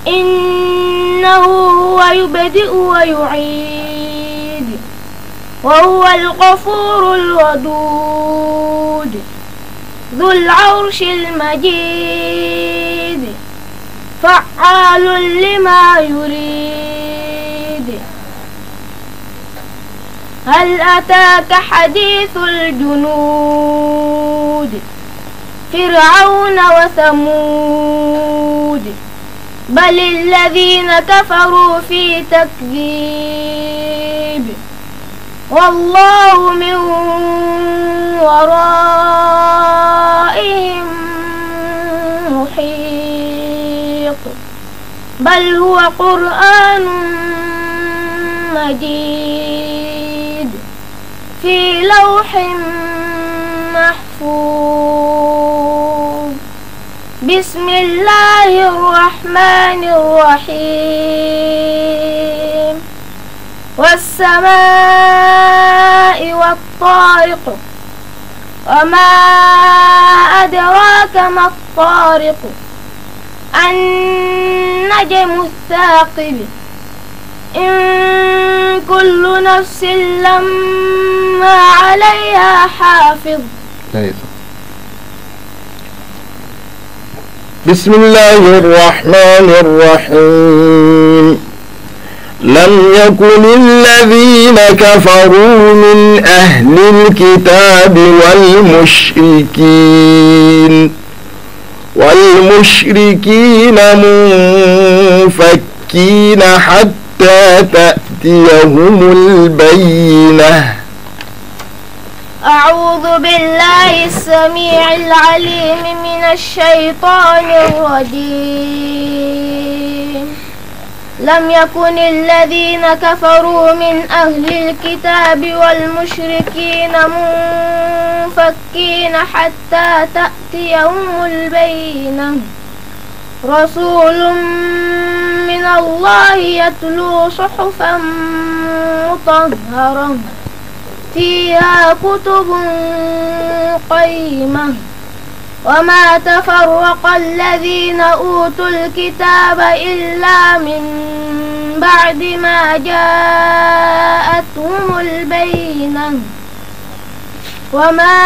إنه هو يبدئ ويعيد وهو الغفور الودود ذو العرش المجيد فعال لما يريد هل أتاك حديث الجنود فرعون وثمود بل الذين كفروا في تكذيب والله من ورائهم محيط بل هو قرآن مجيد في لوح محفوظ بسم الله الرحمن الرحيم والسماء والطارق وما أدراك ما الطارق النجم الثاقب إن كل نفس لما عليها حافظ طيب. بسم الله الرحمن الرحيم لم يكن الذين كفروا من أهل الكتاب والمشركين والمشركين منفكين حتى تأتيهم البينة أعوذ بالله السميع العليم من الشيطان الرجيم لم يكن الذين كفروا من أهل الكتاب والمشركين منفكين حتى تأتيهم البينة رسول من الله يتلو صحفا مطهرة فيها كتب قيمه وما تفرق الذين أوتوا الكتاب إلا من بعد ما جاءتهم البينة وما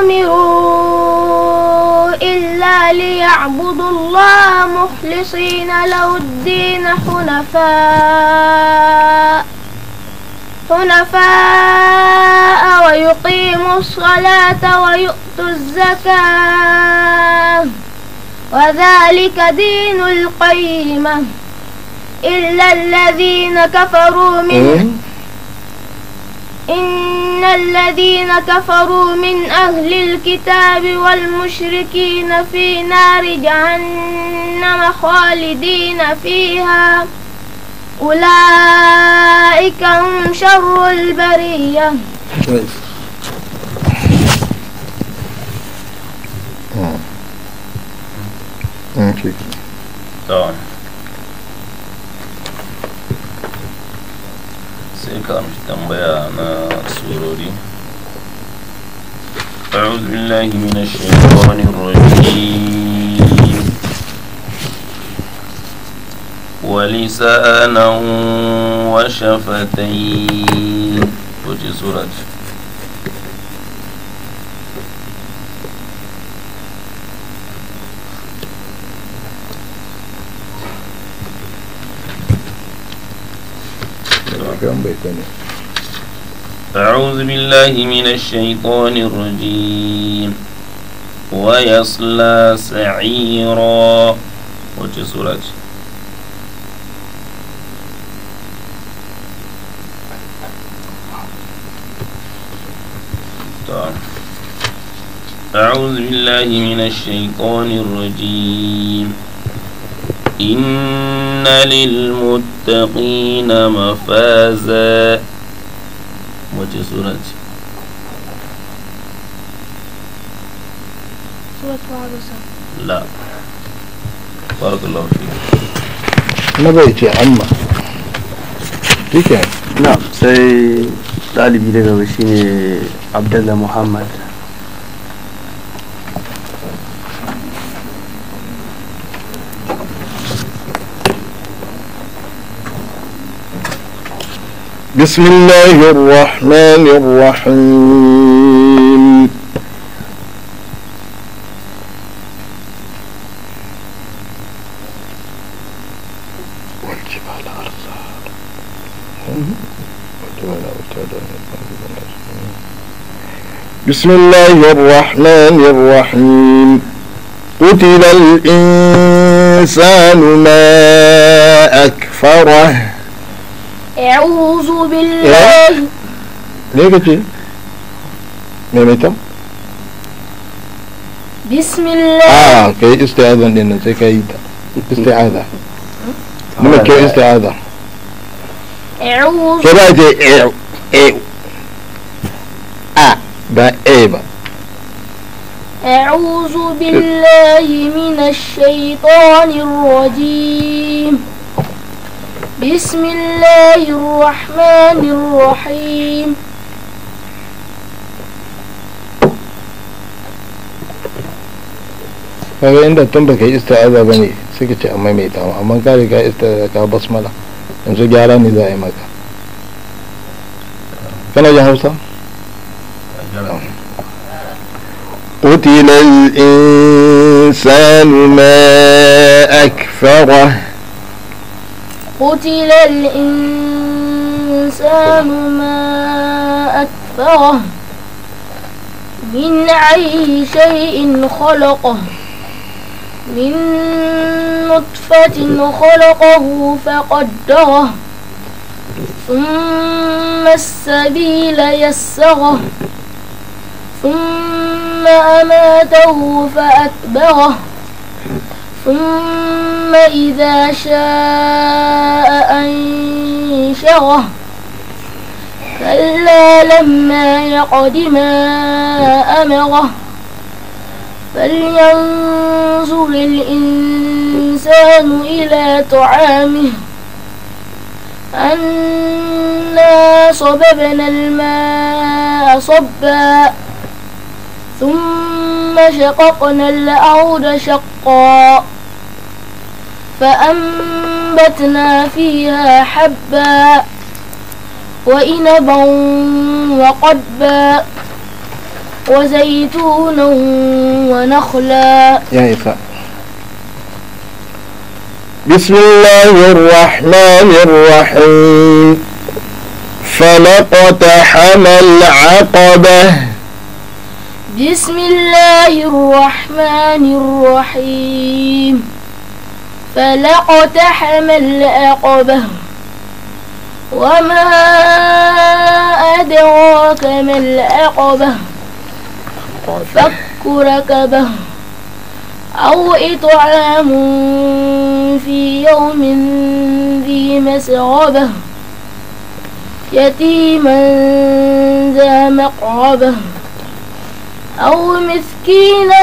أمروا إلا ليعبدوا الله مخلصين له الدين حنفاء حنفاء ويقيموا الصلاة ويؤتوا الزكاة وذلك دين القيمة إلا الذين كفروا من إيه؟ إن الذين كفروا من أهل الكتاب والمشركين في نار جهنم خالدين فيها أولئك هم شر البرية آه. آه، أعوذ بالله من الشيطان الرجيم ولسانا وشفتين وجه سورة أعوذ بالله من الشيطان الرجيم ويصلى سعيرا وجه سورة الشيطان أعوذ بالله من الشيطان الرجيم إن للمتقين مفازا وجه سورة لا بارك الله فيك ما نبيت يا عمه نعم سي ɗalibi daga bai shine abdullah muhammad بسم الله الرحمن الرحيم بسم الله الرحمن الرحيم قتل الإنسان ما أكفره أعوذ إيه؟ بالله ليه كتير؟ ميميتم بسم الله آه كي استعاذة لنا زي كيدا استعاذة آه. نمت كي استعاذة أعوذ كده أعوذ إيه، إيه. باء با أعوذ بالله من الشيطان الرجيم بسم الله الرحمن الرحيم kaga inda tun baka yi isti'aza bane suka ce amma mai tawo amma ka riga isti'aza ka basmala yanzu gyara ne za a yi maka kana jin hausa قتل الإنسان ما أكفره قتل الإنسان ما أكفره من أي شيء خلقه من نطفة خلقه فقدره ثم السبيل يسره فأماته فأكبره ثم إذا شاء أنشره كلا لما يقد ما أمره فلينظر الإنسان إلى طعامه أنا صببنا الماء صبا ثم شققنا الأرض شقا فأنبتنا فيها حبا وإنبا وقبا وزيتونا ونخلا يا إفا بسم الله الرحمن الرحيم فلقتحم العقبة بسم الله الرحمن الرحيم فلا اقتحم العقبة وما أدراك ما العقبة فك ركبة أو إطعام في يوم ذي مسغبة يتيما ذا مقربة أو مسكينا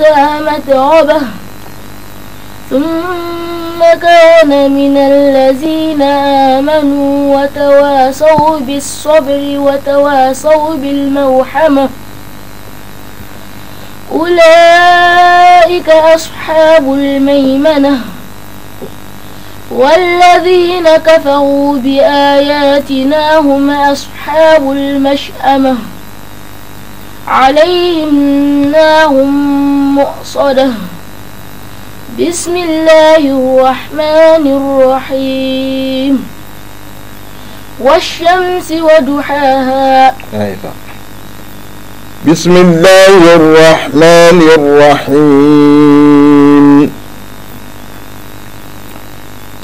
ذا متعبة ثم كان من الذين آمنوا وتواصوا بالصبر وتواصوا بالموحمة أولئك أصحاب الميمنة والذين كفروا بآياتنا هم أصحاب المشأمة عليهم نار مؤصدة بسم الله الرحمن الرحيم والشمس وضحاها بسم الله الرحمن الرحيم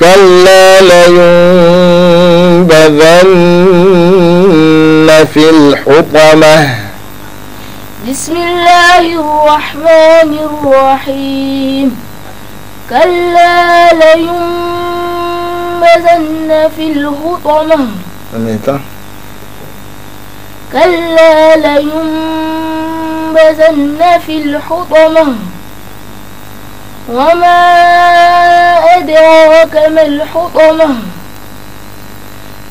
كلا لينبذن في الحطمه بسم الله الرحمن الرحيم كلا لينبذن في الحطمة كلا لينبذن في الحطمة وما أدراك ما الحطمة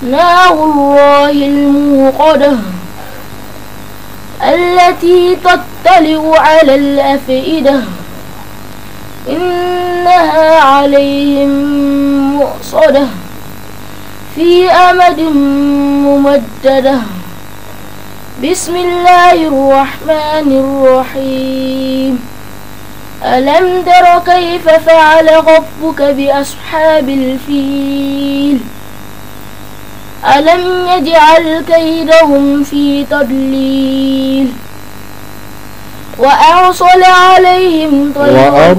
نار الله الموقدة التي تطلع على الأفئدة إنها عليهم مؤصدة في أمد ممددة بسم الله الرحمن الرحيم ألم تر كيف فعل ربك بأصحاب الفيل ألم يجعل كيدهم في تضليل وأرسل عليهم طيرا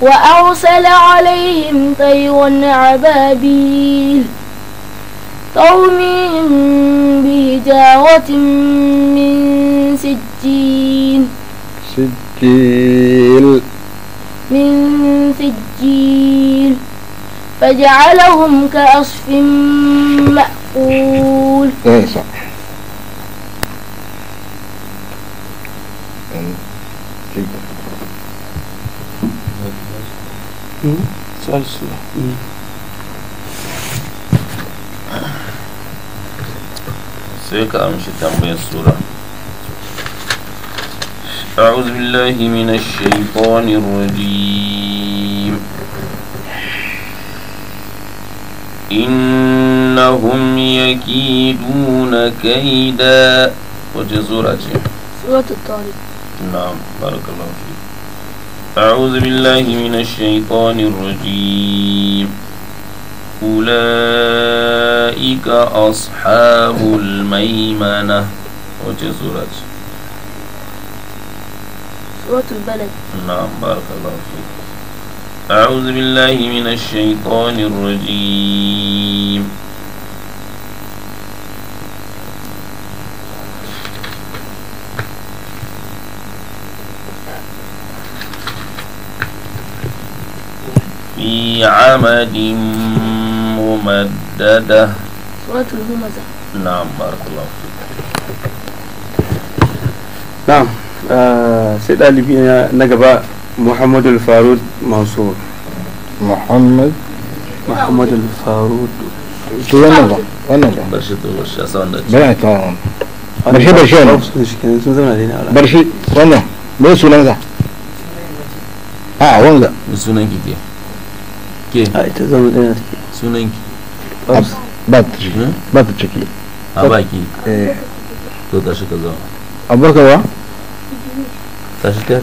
وأرسل عليهم طيرا عبابيل ترميهم بهجارة من سجين سجيل من سجيل فجعلهم كأصف مأكول ايه صح سؤال سيك أمشي تنبيه السورة أعوذ بالله من الشيطان الرجيم إنهم يكيدون كيدا وجه سورة سورة الطارق نعم بارك الله فيك أعوذ بالله من الشيطان الرجيم أولئك أصحاب الميمنة وجه سورة سورة البلد نعم بارك الله فيك أعوذ بالله من الشيطان الرجيم في عمد ممددة سورة الهمزة نعم بارك الله فيك نعم آه سيد علي na gaba محمد الفارود منصور محمد محمد الفارود ke ba ta ciki ba ta ciki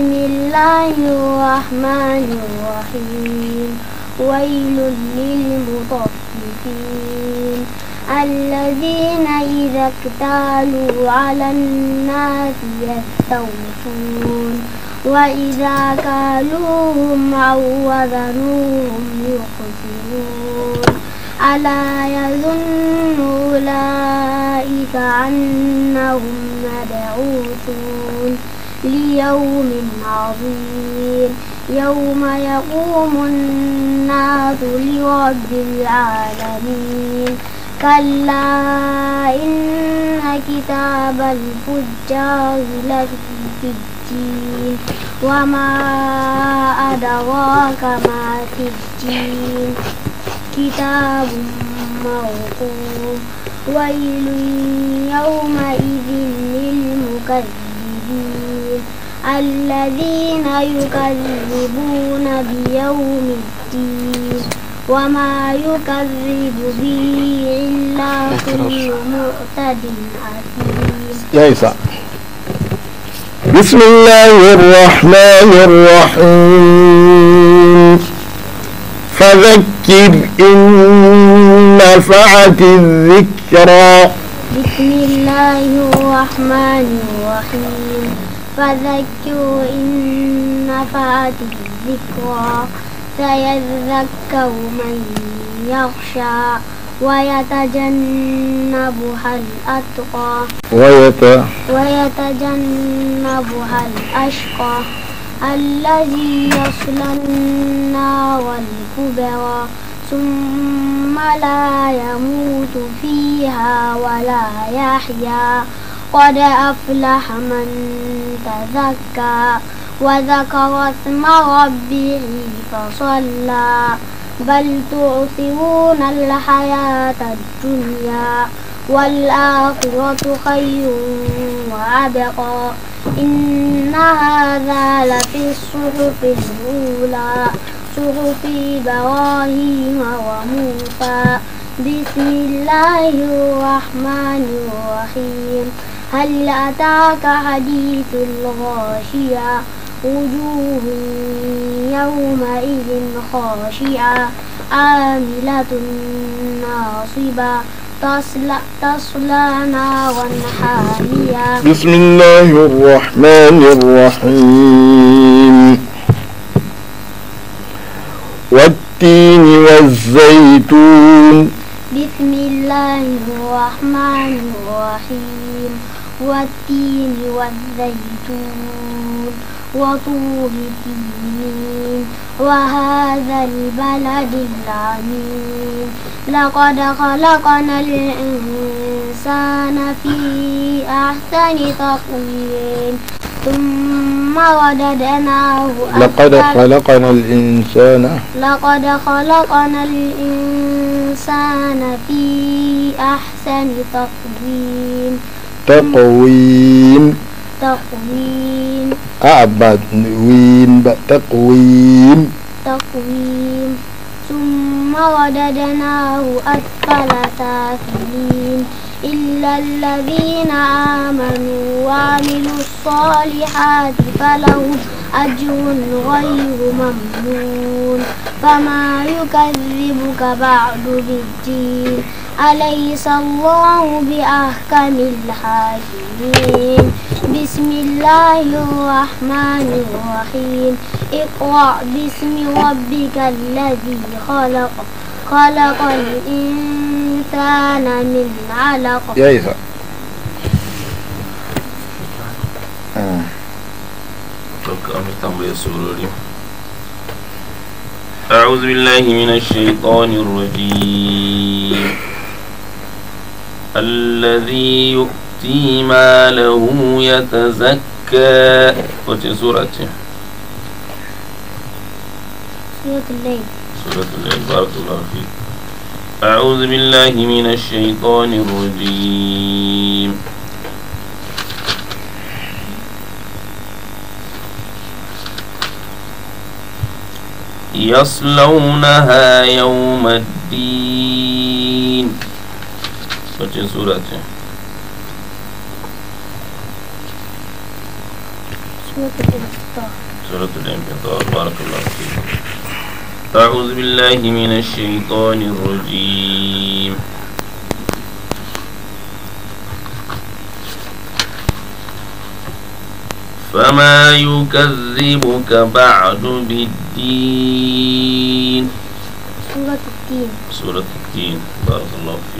بسم الله الرحمن الرحيم ويل للمطففين الذين إذا اكتالوا على الناس يستوفون وإذا كالوهم أو وزنوهم يخسرون ألا يظن أولئك أنهم مبعوثون ليوم عظيم يوم يقوم الناس لرب العالمين كلا إن كتاب الفجار لفي الدين وما أدراك ما الدين كتاب موقوم ويل يومئذ للمكذبين الذين يكذبون بيوم الدين وما يكذب به إلا كل مؤتد أثيم يا بسم الله الرحمن الرحيم فذكر إن نفعت الذكرى بسم الله الرحمن الرحيم فذكروا إن نفعت الذكرى سيذكر من يخشى ويتجنبها الأتقى ويت ويتجنبها الأشقى الذي يصلى النار الكبرى ثم لا يموت فيها ولا يحيا قد أفلح من تزكى وذكر اسم ربه فصلى بل تعصرون الحياة الدنيا والآخرة خير وأبقى إن هذا لفي الصحف الأولى صحف إبراهيم وموسى بسم الله الرحمن الرحيم هل أتاك حديث الغاشية وجوه يومئذ خاشعة عاملة ناصبة تصلى, تصلى نارا حامية بسم الله الرحمن الرحيم والتين والزيتون بسم الله الرحمن الرحيم والتين والزيتون وطور سينين وهذا البلد العميم لقد خلقنا الإنسان في أحسن تقويم ثم وددناه لقد خلقنا الإنسان لقد خلقنا الإنسان في أحسن تقويم تقويم تقويم أعبد وين تقويم تقويم ثم وددناه أسفل سافلين إلا الذين آمنوا وعملوا الصالحات فلهم أجر غير ممنون فما يكذبك بعد بالدين أليس الله بأحكم الحاكمين بسم الله الرحمن الرحيم اقرأ باسم ربك الذي خلق خلق الإنسان من علق يا أعوذ بالله من الشيطان الرجيم الذي يؤتي ماله يتزكى وجه سورته سورة الليل سورة الليل بارك الله فيك أعوذ بالله من الشيطان الرجيم يصلونها يوم الدين سوچی سورة ہے سورة الانفطار بارك الله فيكم أعوذ بالله من الشيطان الرجيم فما يكذبك بعد بالدين سورة الدين سورة الدين بارك الله فيكم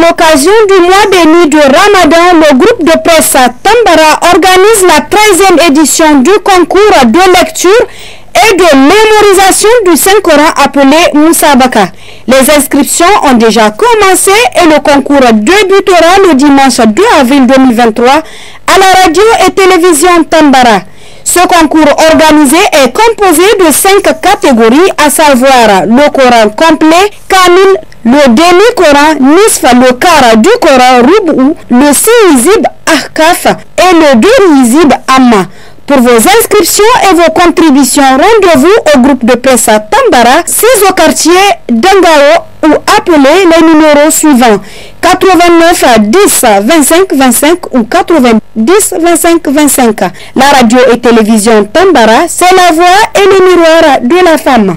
l'occasion du mois béni de Ramadan, le groupe de presse Tambara organise la 13e édition du concours de lecture et de mémorisation du Saint-Coran appelé Moussabaka. Les inscriptions ont déjà commencé et le concours débutera le dimanche 2 avril 2023 à la radio et télévision Tambara. Ce concours organisé est composé de cinq catégories, à savoir le Coran complet, Kamil, le demi-Coran, nisfa, le Kara du Coran, Rubou, le Seizib Ahkaf et le Denizib Amma pour vos inscriptions et vos contributions. Rendez-vous au groupe de presse à Tambara, 6 au quartier d'Angao ou appelez les numéros suivants 89 10 25 25 ou 90 25 25. La radio et télévision Tambara, c'est la voix et le miroir de la femme.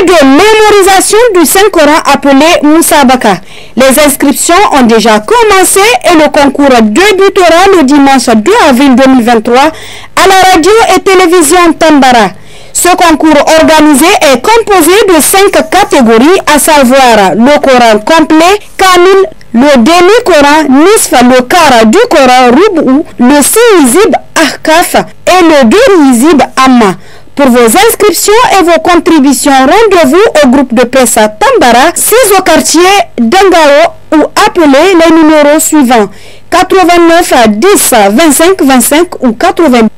et de mémorisation du Saint-Coran appelé Moussabaka. Les inscriptions ont déjà commencé et le concours débutera le dimanche 2 avril 2023 à la radio et télévision Tambara. Ce concours organisé est composé de cinq catégories, à savoir le Coran complet, Kamil, le demi-Coran, Nisf, le Kara du Coran, Rubou, le Seizib Ahkaf et le Durizib Amma. Pour vos inscriptions et vos contributions, rendez-vous au groupe de presse à Tambara, 6 au quartier d'Angao ou appelez les numéros suivants 89 à 10 25 25 ou 90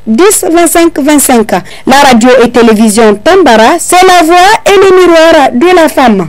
25 25. La radio et télévision Tambara, c'est la voix et le miroir de la femme.